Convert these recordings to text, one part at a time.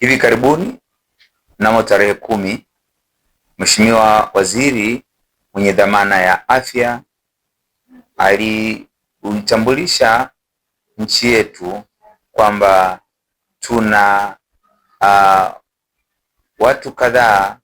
Hivi karibuni mnamo tarehe kumi, Mheshimiwa Waziri mwenye dhamana ya afya alitambulisha nchi yetu kwamba tuna uh, watu kadhaa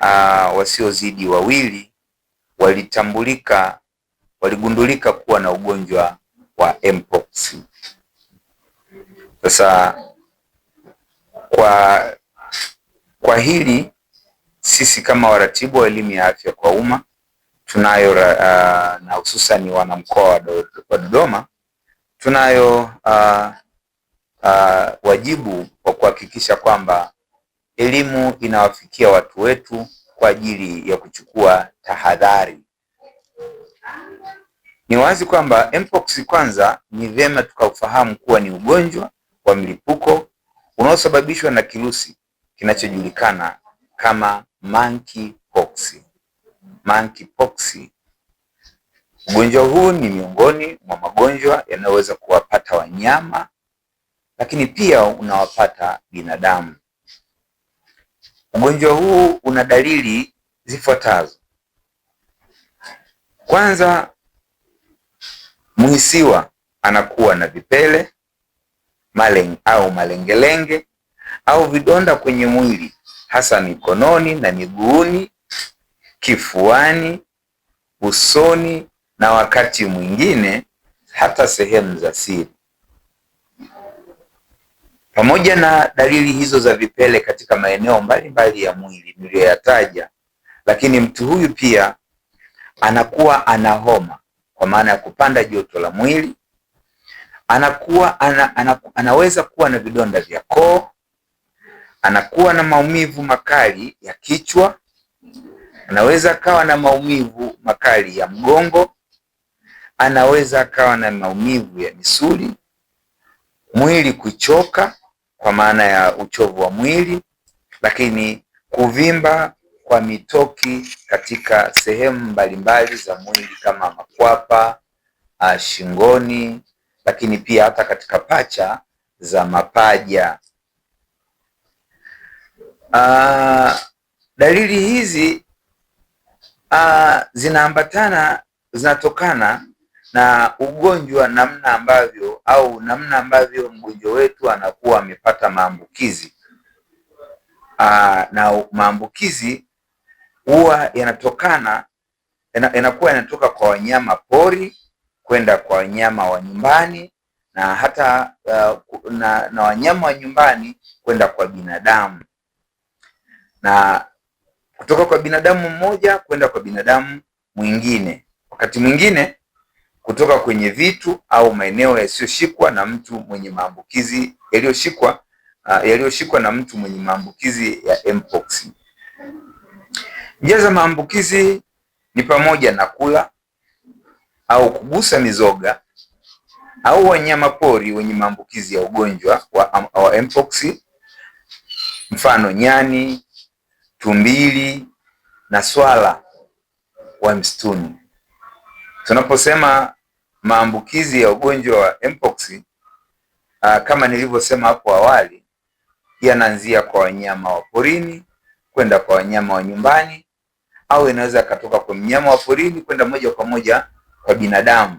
uh, wasiozidi wawili walitambulika waligundulika kuwa na ugonjwa wa mpox. Sasa kwa, kwa hili sisi kama waratibu wa elimu ya afya kwa umma tunayo uh, na hususan wanamkoa wa Dodoma tunayo uh, uh, wajibu wa kuhakikisha kwamba elimu inawafikia watu wetu kwa ajili ya kuchukua tahadhari. Ni wazi kwamba mpox kwanza, ni vyema tukaufahamu kuwa ni ugonjwa wa mlipuko unaosababishwa na kirusi kinachojulikana kama monkeypox. Monkeypox. Ugonjwa huu ni miongoni mwa magonjwa yanayoweza kuwapata wanyama, lakini pia unawapata binadamu. Ugonjwa huu una dalili zifuatazo. Kwanza, muhisiwa anakuwa na vipele maleng au malengelenge au vidonda kwenye mwili hasa mikononi na miguuni, kifuani, usoni na wakati mwingine hata sehemu za siri. Pamoja na dalili hizo za vipele katika maeneo mbalimbali ya mwili niliyoyataja, lakini mtu huyu pia anakuwa ana homa kwa maana ya kupanda joto la mwili, anakuwa ana, ana, anaweza kuwa na vidonda vya koo, anakuwa na maumivu makali ya kichwa, anaweza akawa na maumivu makali ya mgongo, anaweza akawa na maumivu ya misuli, mwili kuchoka kwa maana ya uchovu wa mwili, lakini kuvimba kwa mitoki katika sehemu mbalimbali za mwili kama makwapa, ah, shingoni lakini pia hata katika pacha za mapaja. Aa, ah, dalili hizi ah, zinaambatana zinatokana na ugonjwa namna ambavyo au namna ambavyo mgonjwa wetu anakuwa amepata maambukizi. Aa, ah, na maambukizi huwa yanatokana yanakuwa yanatoka kwa wanyama pori kwenda kwa wanyama wa nyumbani na hata uh, na, na wanyama wa nyumbani kwenda kwa binadamu na kutoka kwa binadamu mmoja kwenda kwa binadamu mwingine, wakati mwingine kutoka kwenye vitu au maeneo yasiyoshikwa na mtu mwenye maambukizi yaliyoshikwa uh, yaliyoshikwa na mtu mwenye maambukizi ya mpox. Njia za maambukizi ni pamoja na kula au kugusa mizoga au wanyama pori wenye maambukizi ya ugonjwa wa, wa mpox, mfano nyani, tumbili na swala wa msituni. Tunaposema maambukizi ya ugonjwa wa mpox, uh, kama nilivyosema hapo awali, yanaanzia kwa wanyama wa porini kwenda kwa wanyama wa nyumbani, au inaweza akatoka kwa mnyama wa porini kwenda moja kwa moja kwa binadamu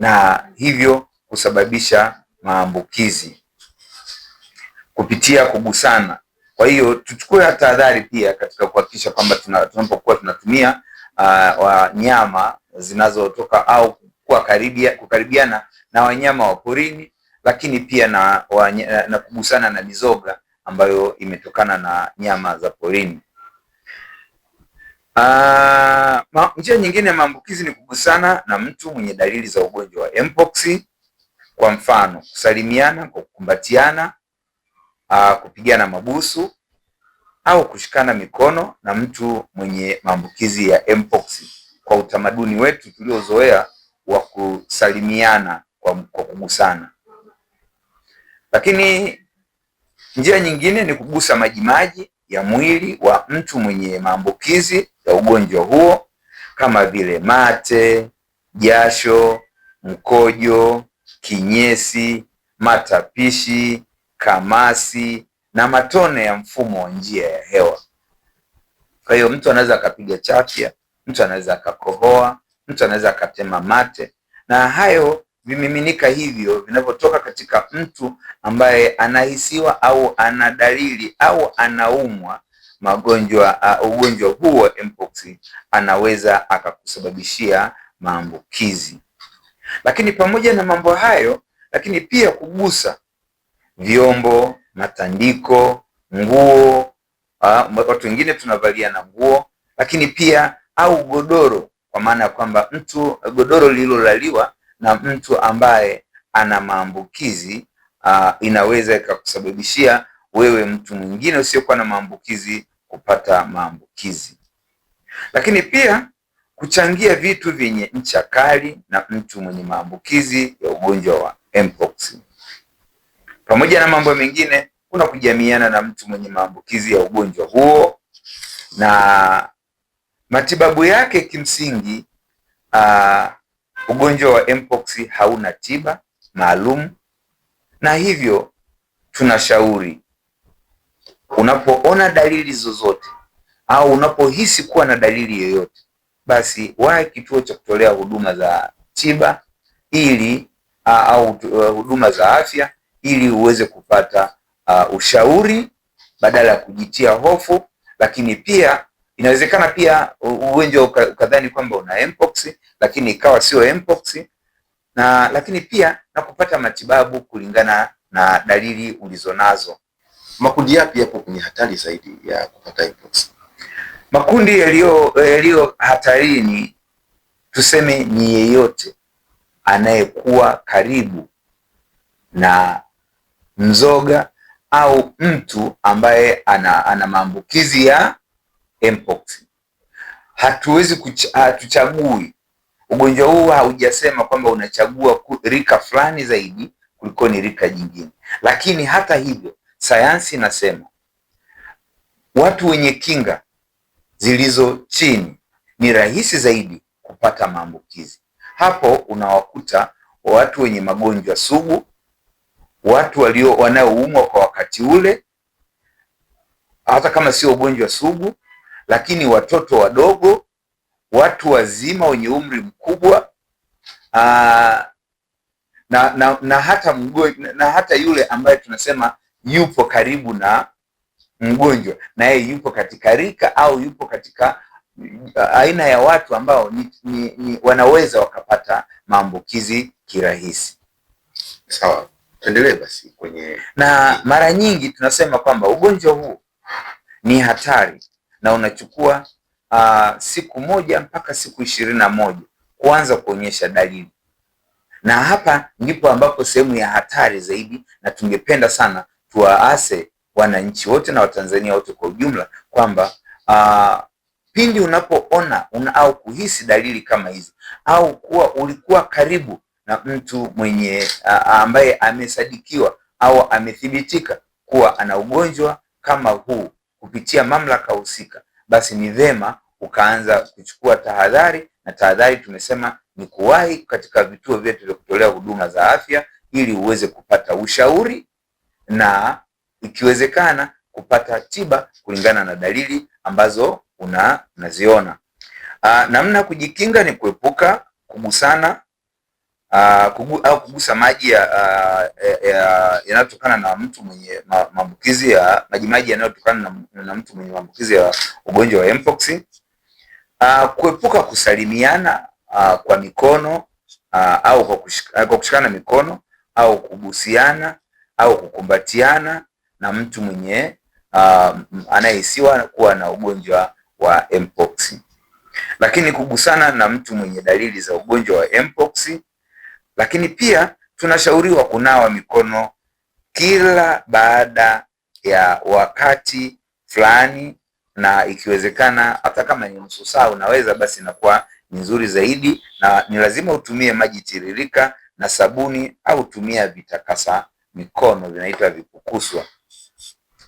na hivyo kusababisha maambukizi kupitia kugusana. Kwa hiyo tuchukue tahadhari pia katika kuhakikisha kwamba tunapokuwa tunatumia uh, wanyama zinazotoka au kuwa karibia, kukaribiana na wanyama wa porini, lakini pia na, na, na kugusana na mizoga ambayo imetokana na nyama za porini. Ah, njia nyingine ya maambukizi ni kugusana na mtu mwenye dalili za ugonjwa wa mpox, kwa mfano kusalimiana kwa kukumbatiana, ah, kupigana mabusu au kushikana mikono na mtu mwenye maambukizi ya mpox, kwa utamaduni wetu tuliozoea wa kusalimiana kwa, kwa kugusana. Lakini njia nyingine ni kugusa majimaji ya mwili wa mtu mwenye maambukizi ya ugonjwa huo kama vile mate, jasho, mkojo, kinyesi, matapishi, kamasi na matone ya mfumo wa njia ya hewa. Kwa hiyo mtu anaweza akapiga chafya, mtu anaweza akakohoa, mtu anaweza akatema mate na hayo vimiminika hivyo vinavyotoka katika mtu ambaye anahisiwa au ana dalili au anaumwa magonjwa uh, ugonjwa huo wa mpox anaweza akakusababishia maambukizi. Lakini pamoja na mambo hayo, lakini pia kugusa vyombo, matandiko, nguo, uh, watu wengine tunavalia na nguo, lakini pia au godoro, kwa maana ya kwamba mtu godoro lililolaliwa na mtu ambaye ana maambukizi uh, inaweza ikakusababishia wewe mtu mwingine usiyokuwa na maambukizi kupata maambukizi. Lakini pia kuchangia vitu vyenye ncha kali na mtu mwenye maambukizi ya ugonjwa wa mpox. Pamoja na mambo mengine, kuna kujamiana na mtu mwenye maambukizi ya ugonjwa huo, na matibabu yake kimsingi, uh, Ugonjwa wa mpox hauna tiba maalum, na hivyo tunashauri unapoona dalili zozote au unapohisi kuwa na dalili yoyote, basi wahi kituo cha kutolea huduma za tiba ili au e, huduma za afya ili uweze kupata uh, ushauri badala ya kujitia hofu, lakini pia Inawezekana pia ugonjwa ukadhani kwamba una mpox lakini ikawa sio mpox, na lakini pia na kupata matibabu kulingana na dalili ulizonazo. Makundi yapi yapo kwenye hatari zaidi ya kupata mpox? Makundi yaliyo hatarini tuseme ni yeyote anayekuwa karibu na mzoga au mtu ambaye ana, ana maambukizi ya mpox. Hatuwezi hatuchagui ugonjwa huu, haujasema kwamba unachagua rika fulani zaidi kuliko ni rika jingine, lakini hata hivyo sayansi inasema watu wenye kinga zilizo chini ni rahisi zaidi kupata maambukizi. Hapo unawakuta watu wenye magonjwa sugu, watu walio wanaoumwa kwa wakati ule, hata kama sio ugonjwa sugu, lakini watoto wadogo, watu wazima wenye umri mkubwa aa, na, na, na hata mgo, na hata yule ambaye tunasema yupo karibu na mgonjwa naye yupo katika rika au yupo katika aina ya watu ambao ni, ni, ni wanaweza wakapata maambukizi kirahisi. Sawa, tuendelee basi kwenye. Na mara nyingi tunasema kwamba ugonjwa huu ni hatari na unachukua uh, siku moja mpaka siku ishirini na moja kuanza kuonyesha dalili, na hapa ndipo ambapo sehemu ya hatari zaidi, na tungependa sana tuwaase wananchi wote na Watanzania wote kwa ujumla kwamba uh, pindi unapoona una au kuhisi dalili kama hizi au kuwa ulikuwa karibu na mtu mwenye uh, ambaye amesadikiwa au amethibitika kuwa ana ugonjwa kama huu kupitia mamlaka husika, basi ni vema ukaanza kuchukua tahadhari, na tahadhari tumesema ni kuwahi katika vituo vyetu vya kutolea huduma za afya ili uweze kupata ushauri na ikiwezekana kupata tiba kulingana na dalili ambazo una unaziona. Ah, namna kujikinga ni kuepuka kugusana Ah, kugu, au kugusa maji ah, yanayotokana na mtu mwenye maambukizi ya majimaji yanayotokana na, na mtu mwenye maambukizi ya ugonjwa wa mpox uh, kuepuka kusalimiana uh, kwa mikono uh, au kwa, kushika, kwa kushikana mikono au kugusiana au kukumbatiana na mtu mwenye uh, anayehisiwa kuwa na ugonjwa wa mpox, lakini kugusana na mtu mwenye dalili za ugonjwa wa mpox lakini pia tunashauriwa kunawa mikono kila baada ya wakati fulani, na ikiwezekana hata kama ni nusu saa unaweza basi, inakuwa ni nzuri zaidi, na ni lazima utumie maji tiririka na sabuni, au tumia vitakasa mikono vinaitwa vipukuswa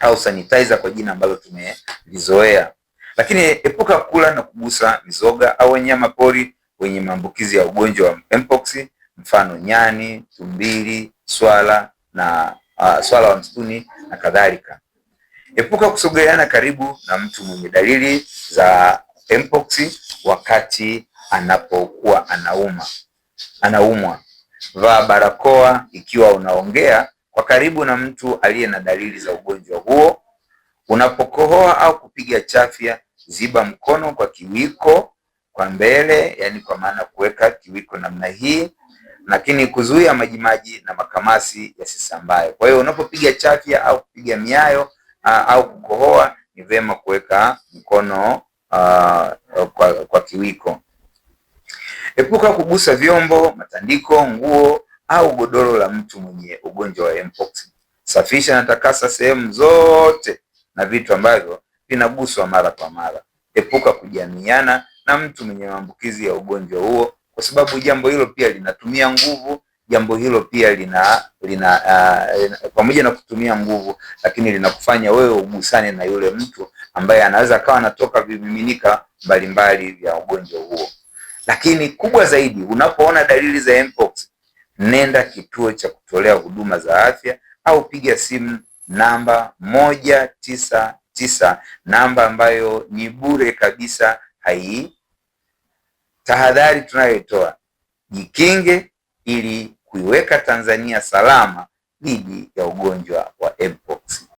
au sanitizer kwa jina ambalo tumevizoea. Lakini epuka kula na kugusa mizoga au wanyama pori wenye maambukizi ya ugonjwa wa mpox mfano nyani, tumbili, swala na uh, swala wa msituni na kadhalika. Epuka kusogeleana karibu na mtu mwenye dalili za mpox wakati anapokuwa anauma anaumwa. Vaa barakoa ikiwa unaongea kwa karibu na mtu aliye na dalili za ugonjwa huo. Unapokohoa au kupiga chafya, ziba mkono kwa kiwiko kwa mbele, yani kwa maana kuweka kiwiko namna hii lakini kuzuia majimaji na makamasi yasisambae. Kwa hiyo unapopiga chafya au kupiga miayo uh, au kukohoa ni vema kuweka mkono uh, kwa, kwa kiwiko. Epuka kugusa vyombo, matandiko, nguo au godoro la mtu mwenye ugonjwa wa mpox. Safisha na takasa sehemu zote na vitu ambavyo vinaguswa mara kwa mara. Epuka kujamiana na mtu mwenye maambukizi ya ugonjwa huo kwa sababu jambo hilo pia linatumia nguvu. Jambo hilo pia lina, lina, uh, pamoja na kutumia nguvu, lakini linakufanya wewe ugusane na yule mtu ambaye anaweza akawa anatoka vimiminika mbalimbali vya ugonjwa huo. Lakini kubwa zaidi, unapoona dalili za mpox, nenda kituo cha kutolea huduma za afya au piga simu namba moja tisa tisa, namba ambayo ni bure kabisa hai tahadhari tunayoitoa, jikinge ili kuiweka Tanzania salama dhidi ya ugonjwa wa mpox.